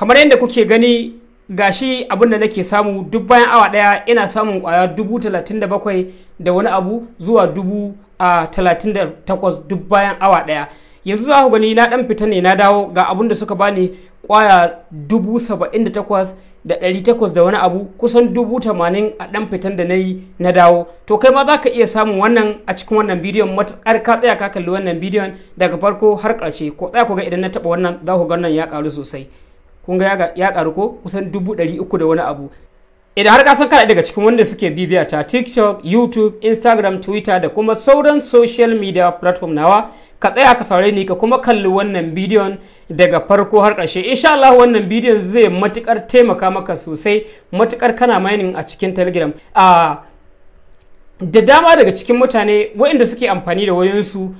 kamar yadda kuke gani gashi abin da nake samu duk bayan awa daya ina samun kwaya dubu talatin da bakwai da wani abu zuwa dubu talatin da takwas duk bayan awa daya yanzu za ku gani na dan fita ne na dawo ga abin da suka bani kwaya dubu saba'in da takwas da ɗari takwas da wani abu kusan dubu tamanin a dan fitan da na yi na dawo to kai ma za ka iya samun wannan a cikin wannan bidiyon matuƙar ka tsaya ka kalli wannan bidiyon daga farko har ƙarshe ko tsaya ku ga idan na taɓa wannan za ku ga wannan ya ƙaru sosai kun ga ya karu ko kusan dubu ɗari uku da wani abu idan har ka san kana daga cikin wanda suke bibiya ta tiktok youtube instagram twitter da kuma sauran social media platform nawa ka tsaya ka saurare ni ka kuma kalli wannan bidiyon daga farko har ƙarshe insha Allah wannan bidiyon zai matukar taimaka maka sosai matukar kana mining a cikin telegram a ah, da dama daga cikin mutane waɗanda suke amfani da wayoyinsu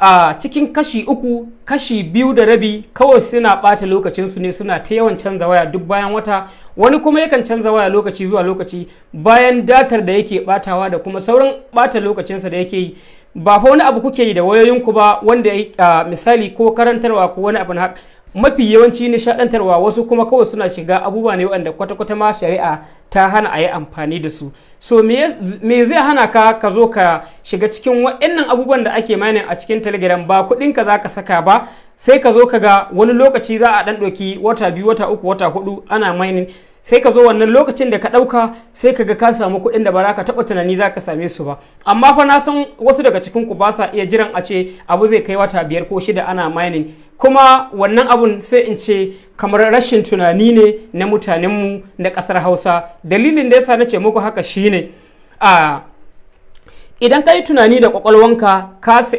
a cikin kashi uku kashi biyu da rabi kawai suna ɓata lokacinsu ne suna ta yawan canza waya duk bayan wata wani kuma yakan canza waya lokaci zuwa lokaci bayan datar da yake ɓatawa da kuma sauran ɓata lokacinsa da yake yi ba fa wani abu kuke yi da wayoyinku ba wanda uh, misali ko karantarwa ko wani abu na mafi yawanci nishadantarwa wasu kuma kawai suna shiga abubuwa ne waɗanda kwata-kwata ma shari'a ta hana a yi amfani da su so me zai hana ka ka zo ka shiga cikin waɗannan abubuwan da ake mani a cikin telegram ba kuɗin ka za ka saka ba sai ka zo ka ga wani lokaci za a ɗan ɗauki wata biyu wata uku wata hudu ana mining sai ka zo wannan lokacin da ka ɗauka sai ka ga ka samu kuɗin da ba ka taɓa tunani za ka same su ba amma fa na san wasu daga cikin ku ba sa iya jiran a ce abu zai kai wata biyar ko shida ana mining kuma wannan abun sai in ce kamar rashin tunani ne na mutanenmu na ƙasar hausa dalilin da yasa na ce muku haka shine a idan ka yi tunani da ƙwaƙwalwanka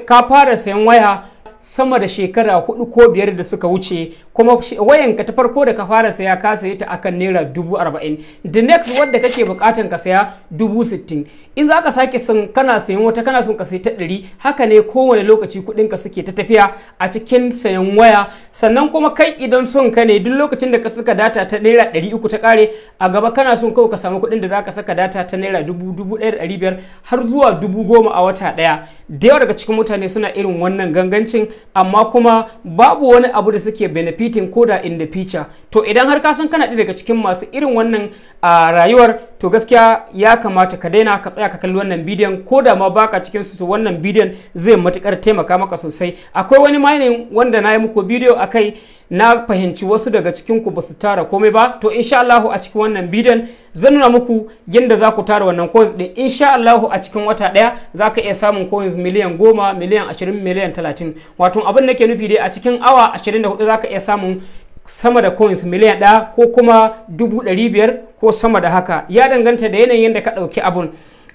ka fara sayan waya sama da shekara hudu ko biyar da suka wuce kuma wayanka ta farko da ka fara saya ka sayi ta akan naira dubu arba'in the next wadda kake bukatan ka saya dubu sittin in za ka sake sun kana sayan wata kana son ka sayi ta ɗari haka ne kowane lokaci kuɗin ka suke ta tafiya a cikin sayan waya sannan kuma kai idan son ka ne duk lokacin da ka saka data ta naira ɗari uku ta kare a gaba kana son kawai ka samu kuɗin da za ka saka data ta naira dubu dubu ɗaya da ɗari biyar har zuwa dubu goma a wata ɗaya da yawa daga cikin mutane suna irin wannan gangancin amma kuma babu wani abu da suke benefitin koda in the future to idan har ka san kana daga cikin masu irin wannan a rayuwar to gaskiya ya kamata ka daina ka tsaya ka kalli wannan bidiyon koda ma baka cikin su wannan bidiyon zai matukar taimaka maka sosai akwai wani mining wanda na yi muku bidiyo akai na fahimci wasu daga cikin ku basu tara komai ba to insha Allah a cikin wannan bidiyon zan nuna muku yadda za ku tara wannan coins din insha Allah a cikin wata daya za ka iya samun coins miliyan goma miliyan ashirin miliyan talatin wato abin da ke nufi dai a cikin awa 24 zaka iya samun sama da coins miliyan ɗaya ko kuma dubu ɗari biyar ko sama da haka ya danganta da yanayin da ka ɗauki abun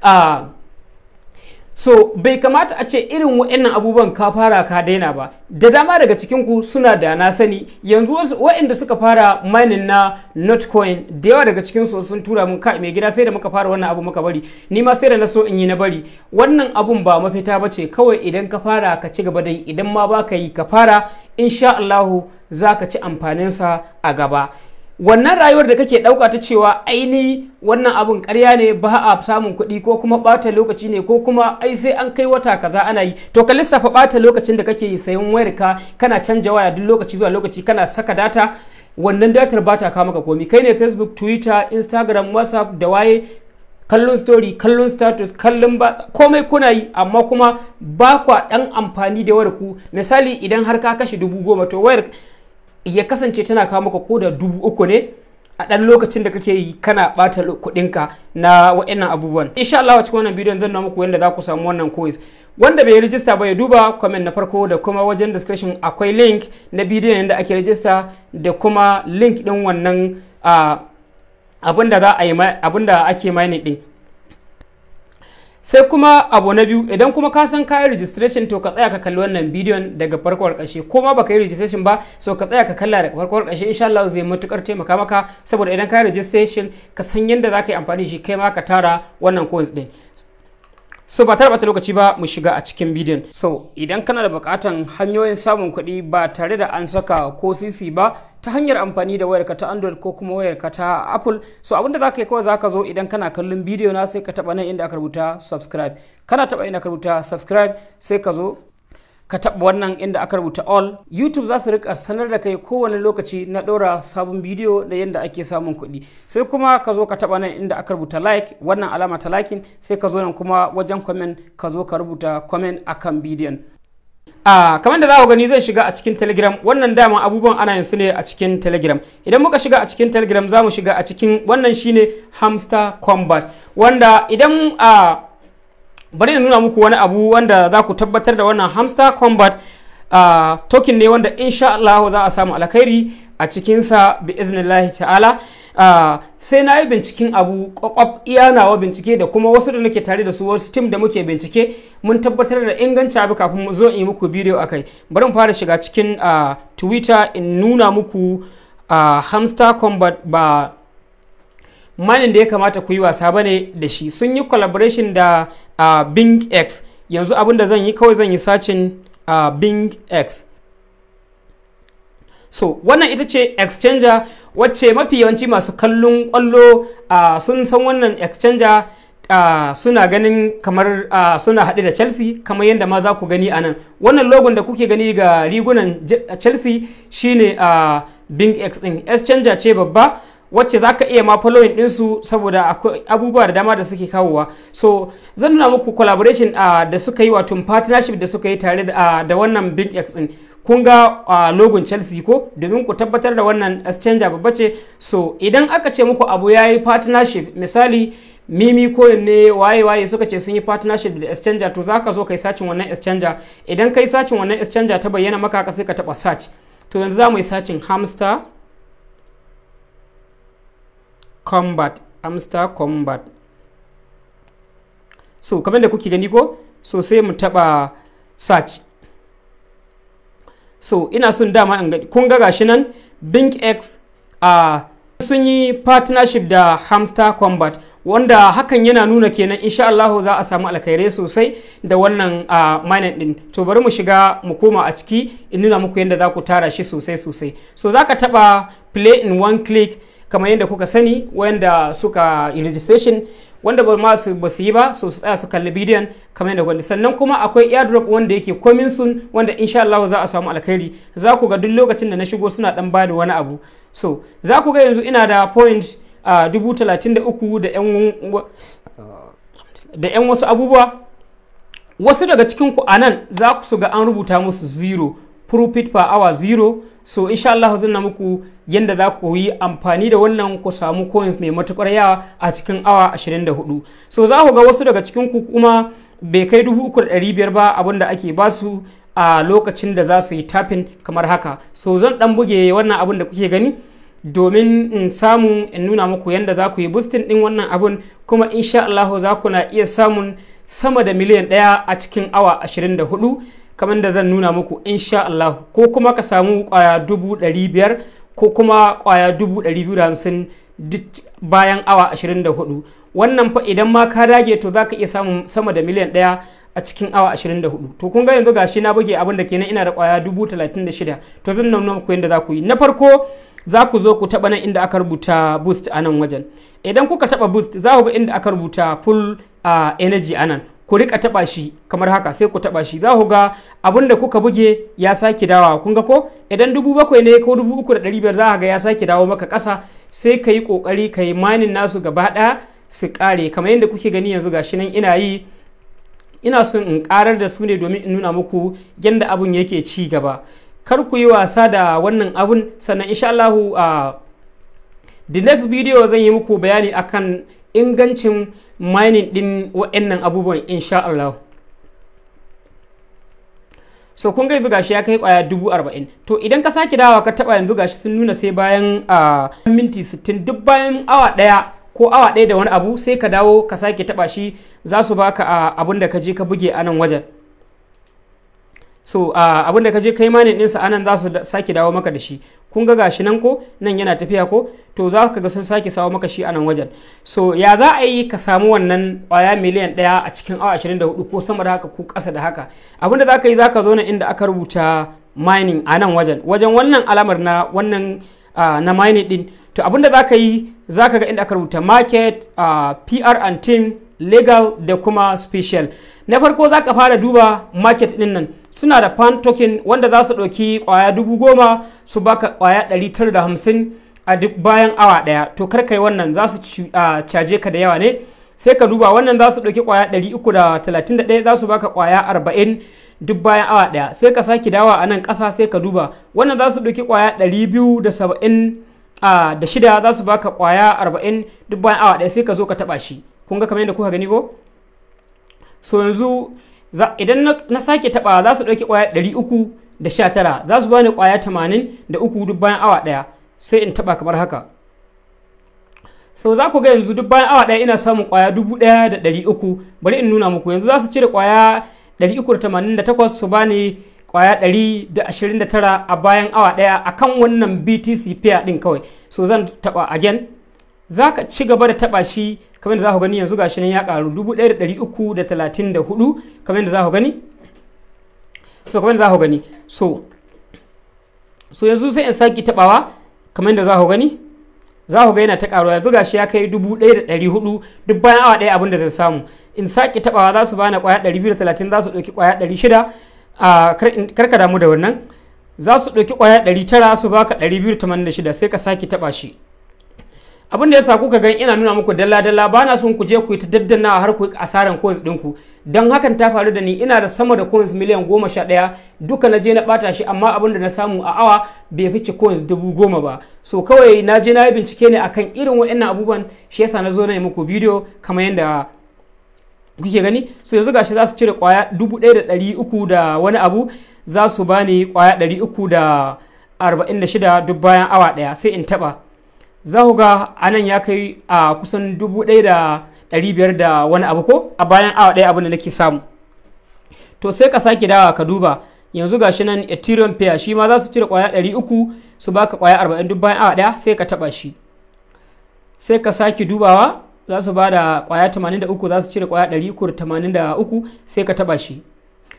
a ah, so bai kamata a ce irin wa'annan abubuwan ka fara ka daina ba da dama daga cikin ku suna da na sani yanzu wasu wa'anda suka fara mining na notcoin da yawa daga cikin su sun tura mun kai mai gida sai da muka fara wannan abu muka bari ni ma sai da na so in yi na bari wannan abun ba mafita ba ce kawai idan ka fara ka ci gaba dai idan ma ba ka yi ka fara insha Allahu za ka ci amfaninsa a gaba wannan rayuwar da kake ɗauka ta cewa aini wannan abun karya ne ba a samun kuɗi ko kuma ɓata lokaci ne ko kuma ai sai an kai wata kaza ana yi to ka lissafa ɓata lokacin da kake sayan wayar ka kana canja waya duk lokaci zuwa lokaci kana saka data wannan datar ba ta kawo maka komi kai ne facebook twitter instagram whatsapp da waye kallon story kallon status kallon ba komai kuna yi amma kuma ba kwa dan amfani da wayar ku misali idan har ka kashe dubu goma to wayar ya kasance tana kawo maka ko da dubu uku ne a ɗan lokacin da kake yi kana ɓata kuɗinka na wa'annan abubuwan insha Allah a cikin wannan bidiyon zan nuna muku yadda za ku samu wannan quiz wanda bai rijista ba ya duba comment na farko da kuma wajen description akwai link na bidiyon yadda ake rijista da kuma link ɗin wannan ah, abin da za a yi abin ake mining ɗin sai kuma abu na biyu idan kuma ka san ka yi registration to ka tsaya ka kalli wannan bidiyon daga farkon ƙarshe ko ma baka yi registration ba so ka tsaya ka kalla daga farkon ƙarshe insha Allah zai matukar taimaka maka saboda idan ka yi registration ka san yadda za ka yi amfani shi kai ma ka tara wannan course din so ba tare bata lokaci ba mu shiga a cikin bidiyon so idan kana da bukatan hanyoyin samun kuɗi ba tare da an saka ko sisi ba ta hanyar amfani da wayarka ta android ko kuma wayarka ta apple so abinda za ka yi kawai za ka zo idan kana kallon bidiyo na sai ka taba nan inda aka rubuta subscribe kana taba inda aka rubuta subscribe sai ka zo ka taɓa wannan inda aka rubuta all youtube za su rika sanar da kai kowane lokaci na ɗora sabon bidiyo da yadda ake samun kuɗi sai kuma ka zo ka taba nan inda aka rubuta like wannan alama ta liking sai ka zo nan kuma wajen comment ka zo ka rubuta comment akan bidiyon Uh, kamar da za ku gani zai shiga a cikin telegram wannan dama abubuwan ana yin su ne a cikin telegram idan muka shiga a cikin telegram za mu shiga a cikin wannan shine hamster combat wanda idan a ah, bari na nuna muku wani abu wanda za ku tabbatar da wannan hamster combat a ah, token ne wanda insha Allah za a samu alkhairi a cikinsa bi iznillahi ta'ala Ah, sai na yi binciken abu kwakwaf iya nawa bincike da kuma wasu da nake tare da su wasu tim da muke bincike mun tabbatar da inganci abu kafin mu zo in yi muku bidiyo a kai bari mu fara shiga cikin ah, twitter in nuna muku ah, hamster combat ba manin da ya kamata ku yi wasa ba ne da shi sun yi collaboration da bing x yanzu abin da zan yi kawai zan yi sacin bing x so wannan ita ce exchanger wacce mafi yawanci masu kallon kwallo uh, sun san wannan exchanger uh, suna ganin kamar uh, suna haɗe da chelsea kamar yadda ma za ku gani a nan wannan logon da kuke gani ga rigunan chelsea shine uh, bing x din exchanger ce babba wacce za ka iya ma following ɗinsu saboda akwai abubuwa da dama da suke kawowa so zan nuna muku collaboration uh, da suka yi watun partnership da suka yi tare da wannan binx x din kun ga a logon chelsea ko domin ku tabbatar da wannan exchanger babba ce so idan aka ce muku abu ya yi partnership misali mimi ko ne waye waye suka ce sun yi partnership da exchanger to zaka zo kai sacin wannan exchanger idan kai sacin wannan exchanger ta bayyana maka ka sai ka taba search to yanzu za mu yi sacin hamster combat hamster combat so kamar da kuke gani ko so sai mu taba search so ina son dama in kun ga gashi nan bink x a sun yi partnership da hamster combat wanda hakan yana nuna kenan insha Allah za a samu alkhairai sosai da wannan uh, mining din to bari mu shiga mu koma a ciki in nuna muku yadda za ku tara shi sosai sosai so za ka taba play in one click kamar yadda kuka sani wanda suka registration wanda ba su yi ba so su tsaya su kalli bidiyon kamar yadda gwanda sannan kuma akwai airdrop wanda yake komin sun wanda insha Allah za a samu alkhairi za ku ga duk lokacin da na shigo suna dan bada wani abu so za ku ga yanzu ina da point a dubu talatin da uku da yan wasu abubuwa wasu daga cikin ku anan za ku su ga an rubuta musu zero profit per hour zero so insha Allah zan muku yadda za ku yi amfani da wannan ku samu coins mai matukar yawa a cikin awa 24 so za ku ga wasu daga cikin ku kuma bai kai dubu uku da biyar ba abinda da ake su a lokacin da za su yi tafin kamar haka so zan dan buge wannan abin da kuke gani domin in samu in nuna muku yadda za ku yi bustin din wannan abin kuma insha Allah za ku na iya samun sama da miliyan ɗaya a cikin awa 24 kamar da zan nuna muku insha Allah ko kuma ka samu kwaya dubu ɗari biyar ko kuma kwaya dubu ɗari biyu da hamsin bayan awa ashirin da hudu wannan fa idan ma ka dage to zaka iya samun sama da miliyan ɗaya a cikin awa ashirin da hudu to kun ga yanzu gashi na buge abin da kenan ina da kwaya dubu talatin da shida to zan nuna muku yadda za ku yi na farko za ku zo ku taba nan inda aka rubuta boost a nan wajen idan kuka taba boost za ku ga inda aka rubuta full ah, energy a nan ku rika taba shi kamar haka sai ku taba shi za ku ga abun da kuka buge ya sake dawa kun ga ko idan dubu bakwai ne ko dubu uku da ɗari biyar za ka ga ya sake dawo maka ƙasa sai ka yi ƙoƙari ka yi manin nasu gaba ɗaya su ƙare kamar yadda kuke gani yanzu shi nan ina yi ina son in ƙarar da su ne domin in nuna muku yadda abun yake ci gaba kar ku yi wasa da wannan abun sannan insha Allah a ah, the next video zan yi muku bayani akan ingancin mining din wa'annan abubuwan insha Allah so kun ga yanzu ya kai kwaya dubu arba'in to idan ka sake dawa ka taba yanzu gashi sun nuna sai bayan a minti sittin duk bayan awa daya ko awa daya da wani abu sai ka dawo ka sake taba shi za su baka abun da ka je ka buge a nan wajen so uh, da ka je kai manin ɗinsa anan za su sake dawo maka da shi kun ga gashi nan ko nan yana tafiya ko to za ka ga sun sake sawo maka shi anan wajen so ya za a yi ka samu wannan kwaya miliyan ɗaya a cikin awa 24 ko sama da haka ko ƙasa da haka abinda za ka yi za ka zo na inda aka rubuta mining a nan wajen wajen wannan alamar na wannan na mining din to abinda za ka yi za ka ga inda aka rubuta market pr and team legal da kuma special na farko za ka fara duba market din nan suna da fan token wanda za su ɗauki ƙwaya dubu goma su baka ƙwaya ɗari tara da hamsin a duk bayan awa ɗaya to kar ka yi wannan za su caje ka da yawa ne sai ka duba wannan za su ɗauki ƙwaya ɗari uku da talatin da ɗaya za su baka ƙwaya arba'in duk bayan awa ɗaya sai ka sake dawa a nan ƙasa sai ka duba wannan za su ɗauki ƙwaya ɗari biyu da saba'in da shida za su baka ƙwaya arba'in duk bayan awa ɗaya sai ka zo ka taɓa shi kun ga kamar yadda kuka gani ko so yanzu idan na sake taba za su ɗauki ƙwaya 319 za su bani kwaya tamanin da duk bayan awa ɗaya sai in taba kamar haka so za ku ga yanzu duk bayan awa ɗaya ina samun kwaya 1,300 bari in nuna muku yanzu za su cire kwaya ɗari su bani kwaya 129 a bayan awa daya akan wannan BTC pair din kawai so zan taba again za ka ci gaba da taɓa shi kamar da za ku gani yanzu gashi nan ya ƙaru 1334 kamar da za ku gani so kamar da za ku gani so so yanzu sai in saki taɓawa kamar da za ku gani za ku ga yana ta ƙaruwa yanzu gashi ya kai 1400 duk bayan awa daya abin da zan samu in saki taɓawa za su bani kwaya 230 za su ɗauki kwaya 600 a karka damu da wannan za su ɗauki kwaya 900 su baka 286 sai ka saki taɓa shi abin da yasa kuka gan ina nuna muku dalla dalla ba na son ku je ku yi ta daddanawa har ku asaran coins ku. don hakan ta faru da ni ina da sama da coins miliyan goma sha ɗaya duka na je na bata shi amma abin da na samu a awa bai fice coins dubu goma ba so kawai na je na yi bincike ne akan irin waɗannan abubuwan shi yasa na zo na yi muku bidiyo kamar yadda kuke gani so yanzu gashi za su cire kwaya dubu ɗaya da ɗari uku da wani abu za su bani kwaya ɗari uku da arba'in da shida duk bayan awa ɗaya sai in taɓa za ku ga anan ya kai a kusan dubu ɗaya da ɗari biyar da wani abu ko a bayan awa ɗaya abin da nake samu to sai ka sake dawa ka duba yanzu ga shi nan ethereum pair shi ma za su cire kwaya ɗari uku su baka kwaya arba'in duk bayan awa ɗaya sai ka taɓa shi sai ka sake dubawa za su ba da kwaya uku za su cire kwaya uku sai ka taɓa shi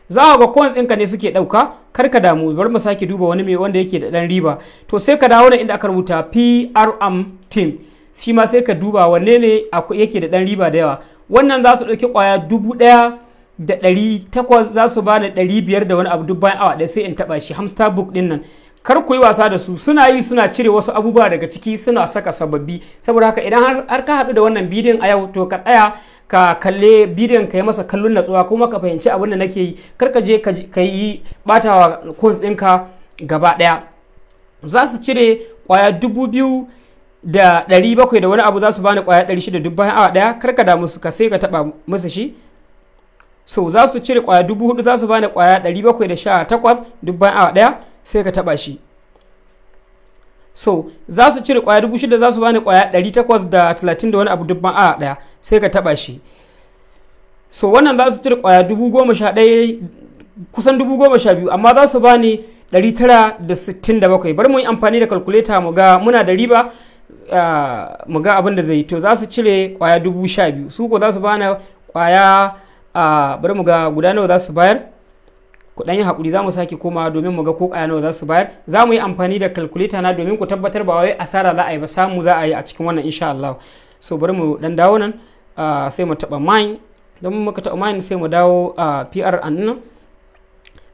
za ga coins ɗinka ne suke ɗauka kar ka damu bari mu sake duba wani mai wanda yake da ɗan riba to sai ka dawo da inda aka rubuta PRM team shi ma sai ka duba wanne ne yake da ɗan riba da yawa wannan za su ɗauki ƙwaya dubu ɗaya da ɗari takwas za su bani ɗari biyar da wani abu duk bayan awa ɗaya sai in taɓa shi hamster book ɗin nan kar ku yi wasa da su suna yi suna cire wasu abubuwa daga ciki suna saka sababbi saboda haka idan har ka haɗu da wannan bidiyon a yau to ka tsaya ka kalle bidiyon ka yi masa kallon natsuwa kuma ka fahimci abin da nake yi kar ka je ka yi batawa course ɗinka gaba ɗaya za su cire ƙwaya dubu biyu da ɗari bakwai da wani abu za su bani ƙwaya ɗari shida duk bayan awa ɗaya kar ka damu su ka sai ka taɓa musu shi so za su cire kwaya dubu hudu za su bani kwaya ɗari bakwai da sha takwas duk bayan awa ɗaya sai ka taba shi so za su cire kwaya dubu shida za su bani kwaya ɗari takwas da talatin da wani abu dubban a daya sai ka taba shi so wannan za su cire kwaya dubu goma sha ɗaya kusan dubu goma sha biyu amma za su bani ɗari tara da sittin da bakwai bari mu yi amfani da kalkuleta mu ga muna da riba uh, mu ga abin da zai to za su cire kwaya dubu sha biyu su ko za su bani kwaya uh, ah, bari mu ga guda nawa za su bayar ku yin yi hakuri za mu sake koma domin mu ga ko kaya nawa za su bayar za mu yi amfani da calculator na domin ku tabbatar ba wai asara za a yi ba samu za a yi a cikin wannan insha Allah so bari mu dan dawo nan sai mu taba mine don muka taba mine sai mu dawo PR an nan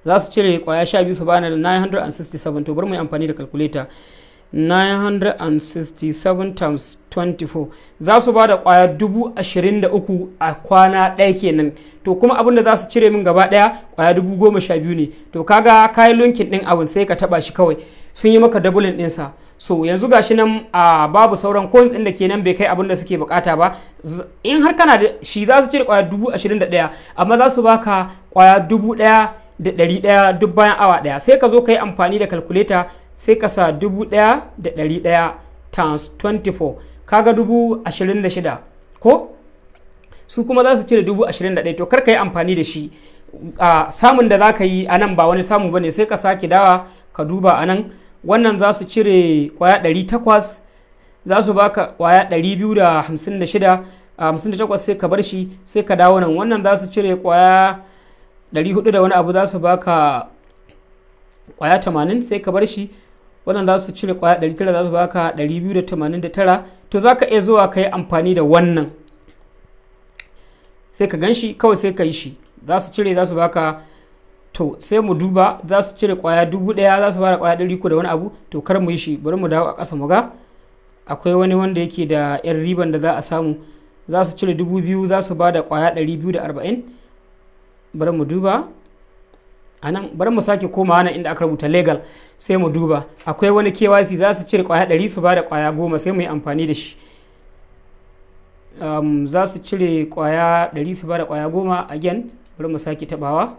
za su cire kwaya 12 su bana 967 to bari mu yi amfani da calculator 967 times 24 za su ba da kwaya 23,000 a kwana ɗaya kenan to kuma abin da za su cire min gaba ɗaya kwaya 12,000 ne to kaga kayan lunkin ɗin abin sai ka taba shi kawai sun yi maka dabulin ɗinsa so yanzu gashi nan a babu sauran coins ɗin da kenan bai kai abin da suke bukata ba in har kana da shi za su cire kwaya 21,000 amma za su baka kwaya da 1,100 duk bayan awa ɗaya sai ka zo ka yi amfani da kalkuleta sai ka sa dubu ɗaya da ɗari ɗaya times 24 kaga dubu ashirin da shida ko su kuma za su cire dubu ashirin da ɗaya to karka yi amfani da shi samun da za ka yi a nan ba wani samu ba ne sai ka sake dawa ka duba a nan wannan za su cire kwaya ɗari takwas za su baka kwaya ɗari biyu da hamsin da shida hamsin da takwas sai ka bar shi sai ka dawo nan wannan za su cire kwaya ɗari hudu da wani abu za su baka kwaya tamanin sai ka bar shi wannan za su cire kwaya 900 za su baka 289 to za ka iya zuwa ka yi amfani da wannan sai ka gan shi kawai sai ka yi shi za su cire za su baka to sai mu duba za su cire kwaya dubu za su bada kwaya ɗari da wani abu to kar mu yi shi bari mu dawo a ƙasa mu ga akwai wani wanda yake da yan riban da za a samu za su cire dubu biyu za su bada kwaya ɗari biyu da arba'in bari mu duba a nan bari mu sake komawa nan inda aka rubuta legal sai mu duba akwai wani KYC za su cire kwaya 100 su bada kwaya 10 sai mu yi amfani da shi um, za su cire kwaya 100 su bada kwaya 10 again bari mu sake tabawa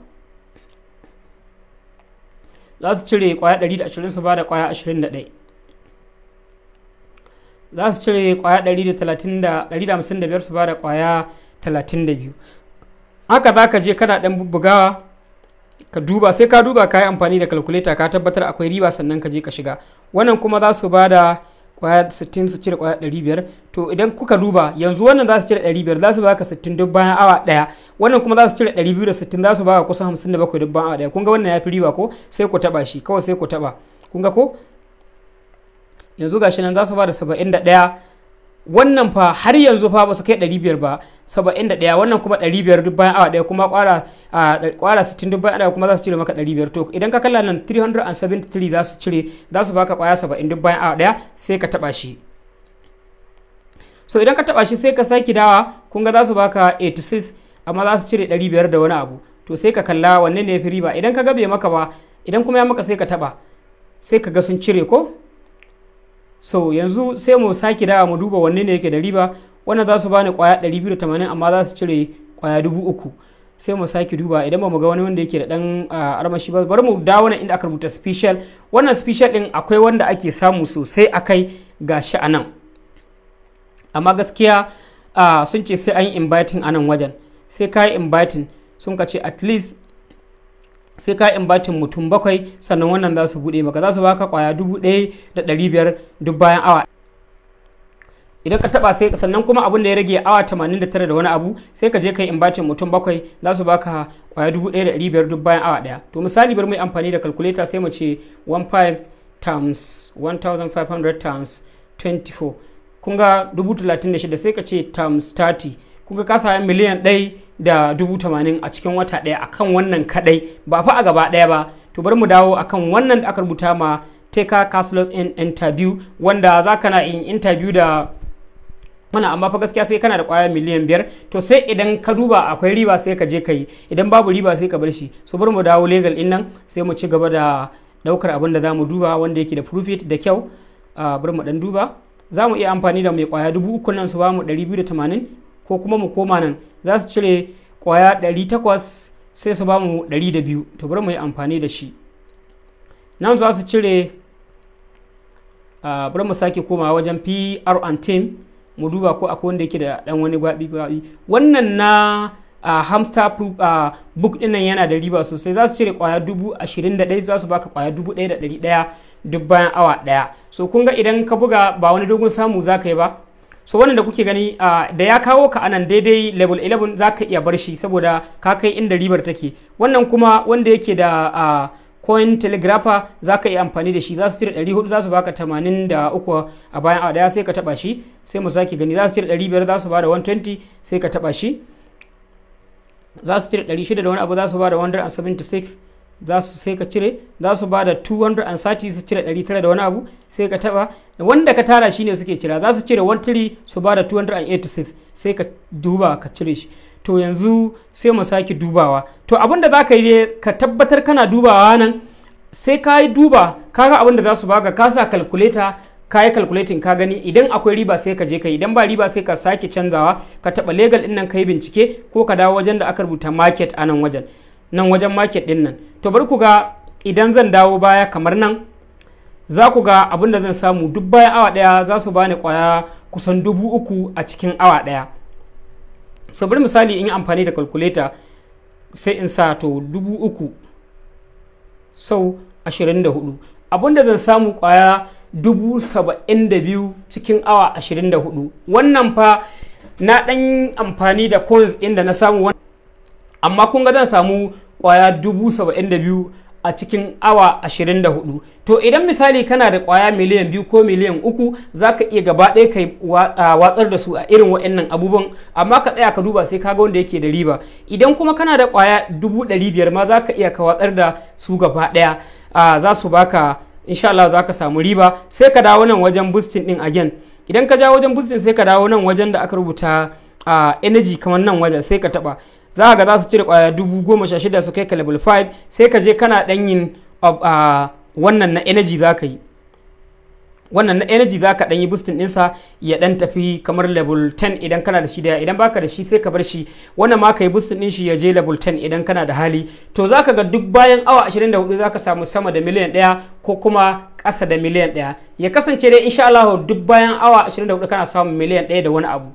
za su cire kwaya 120 su bada kwaya 21 za su cire kwaya 155 su bada kwaya 32 haka za ka je kana dan bubbugawa ka duba sai ka duba ka yi amfani da calculator ka tabbatar akwai riba sannan ka je ka shiga wannan kuma za su ba da kwaya 60 su cire kwaya 500 to idan kuka duba yanzu wannan za su cire 500 za su baka 60 duk bayan awa daya wannan kuma za su cire 260 za su baka kusan 57 duk bayan awa daya kun ga wannan ya fi riba ko sai ku taba shi kawai sai ku taba kun ga ko yanzu gashi nan za su ba da 71 wannan fa har yanzu fa ba su kai 500 ba 71 wannan kuma 500 duk bayan awa daya kuma kwara kwara 60 duk bayan awa kuma za su cire maka 500 to idan ka kalla nan 373 za su cire za su baka kwaya 70 duk bayan awa daya sai ka taba shi so idan ka taba shi sai ka saki dawa kun ga za su baka 86 amma za su cire 500 da wani abu to sai ka kalla wanne ne ya fi riba idan ka gabe maka ba idan kuma ya maka sai ka taba sai ka ga sun cire ko so yanzu sai mu sake dawa mu duba wanne ne yake da riba wannan za su bani kwaya 280 amma za su cire kwaya 3000 sai mu sake duba idan ba mu ga wani wanda yake da dan armashi ba bari mu dawo nan inda aka rubuta special wannan special din akwai wanda ake samu sosai akai gashi a nan amma gaskiya sun ce sai an yi inviting a nan wajen sai ka yi inviting sun ka ce at least sai ka batin mutum bakwai sannan wannan za su bude maka za su baka kwaya dubu ɗaya da ɗari biyar duk bayan awa idan ka taba sai sannan kuma abin da ya rage awa 89 da wani abu sai ka je ka yi batin mutum bakwai za su baka kwaya dubu da biyar duk bayan awa daya to misali bar mu amfani da calculator sai mu ce 15 times 1500 times 24 kun ga shida sai ka ce times 30 kuka ka miliyan ɗai da dubu tamanin a cikin wata ɗaya akan wannan kaɗai ba fa a gaba ɗaya ba to bari mu dawo kan wannan da aka rubuta ma teka castles in interview wanda za ka na in interview da mana amma fa gaskiya sai kana da kwaya miliyan biyar to sai idan ka duba akwai riba sai ka je ka yi idan babu riba sai ka bar shi so bari mu dawo legal din nan sai mu ci gaba da daukar abin da za mu duba wanda yake da profit da kyau ah, bari mu dan duba za mu iya amfani da mai kwaya dubu uku nan su ba mu ɗari biyu da tamanin ko kuma mu koma nan za su cire kwaya 800 sai su ba mu 200 to bari mu yi amfani da shi nan za su cire bari mu sake koma wajen pr and team mu duba ko akwai wanda yake da dan wani gwabi gwabi wannan na a hamster proof uh, book din yana da riba sosai za su cire kwaya dubu ashirin da za su baka kwaya dubu ɗaya da ɗaya duk bayan awa ɗaya so kun ga idan ka buga ba wani dogon samu za ka yi ba so wannan da kuke gani ah, da ya kawo ka anan daidai level 11 za ka iya bar shi saboda ka kai inda ribar take wannan kuma wanda yake da ah, coin telegrapher za ka iya amfani da shi za su cire 400 za su baka 83 a bayan a daya sai ka taba shi sai mu sake gani za su cire 500 za su bada 120 sai ka taba shi za su cire 600 da wani abu za su bada 176 za su sai ka cire za su ba da 230 su cire 900 da wani abu sai ka taba wanda ka tara shine suke cira za su cire 13 su ba da 286 sai ka duba ka cire shi to yanzu sai mu sake dubawa to abin da za ka yi ka tabbatar kana dubawa nan sai ka yi duba ga abin da za su baka ka sa calculator ka yi calculating ka gani idan akwai riba sai ka je ka idan ba riba sai ka sake canzawa ka taba legal din nan ka yi bincike ko ka dawo wajen da aka rubuta market a nan wajen nan wajen market din nan to bari ku ga idan zan dawo baya kamar nan za ku ga abin da zan samu duk bayan awa daya za su bani kwaya kusan dubu uku a cikin awa daya so bari misali in yi amfani da calculator sai in sa to dubu uku sau ashirin da hudu abin da zan samu kwaya dubu saba'in da biyu cikin awa ashirin da hudu wannan fa na ɗan amfani da coins inda na samu amma kun ga zan samu kwaya dubu saba'in da biyu a cikin awa ashirin da hudu to idan misali kana da kwaya miliyan biyu ko miliyan uku za ka iya gaba ɗaya kai watsar da su a irin waɗannan abubuwan amma ka tsaya ka duba sai ka ga wanda yake da riba idan kuma kana da kwaya dubu ɗari biyar ma za ka iya ka watsar da su gaba ɗaya za su baka insha Allah za ka samu riba sai ka dawo nan wajen boosting din again idan ka ja wajen boosting sai ka dawo nan wajen da aka rubuta a energy kamar nan wajen sai ka taba za ga za su cire kwaya dubu goma sha shida su kai ka level 5 sai ka je kana dan yin uh, uh, wannan na energy za ka yi wannan na energy za ka yi boosting ɗinsa ya ɗan tafi kamar level 10 idan kana da shi da idan baka da shi sai ka bar shi wannan ma ka yi boosting ɗin shi ya je level 10 idan kana da hali to za ka ga duk bayan awa 24 za ka samu sama da miliyan ɗaya ko kuma ƙasa da miliyan ɗaya ya kasance dai insha Allah duk bayan awa 24 kana samun miliyan ɗaya da wani abu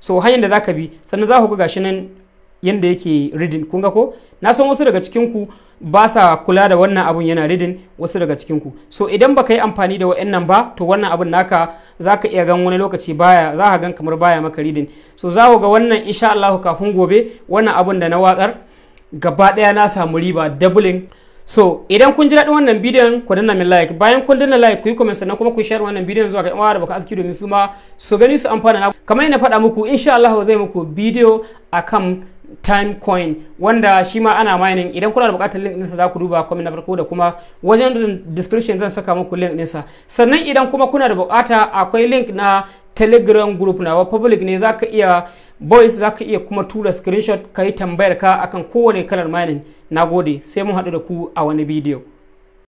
so hanyar da za ka bi sannan za ku ga gashi nan yanda yake reading kun ga ko na san wasu daga cikin ku ba sa kula da wannan abun yana reading wasu daga cikin ku so idan baka yi amfani da wa'annan ba to wannan abun naka zaka iya gan wani lokaci baya za ka gan kamar baya maka reading so za ku ga wannan insha Allah kafin gobe wannan abun da na watsar gaba daya na samu riba doubling so idan kun ji daɗin wannan bidiyon ku danna min like bayan kun danna like ku yi comment sannan kuma ku share wannan bidiyon zuwa ga yan da baka aski domin su ma su gani su amfana na kamar yadda faɗa muku insha Allah zai muku bidiyo akan time coin wanda shi ma ana mining idan kuna da bukatar link ɗinsa za ku duba comment na farko da kuma wajen description zan saka muku link ɗinsa sannan idan kuma kuna da bukata akwai link na telegram group na public ne za ka iya boys za ka iya kuma tura screenshot ka yi tambayar ka akan kowane kalar mining na gode sai mun haɗu da ku a wani bidiyo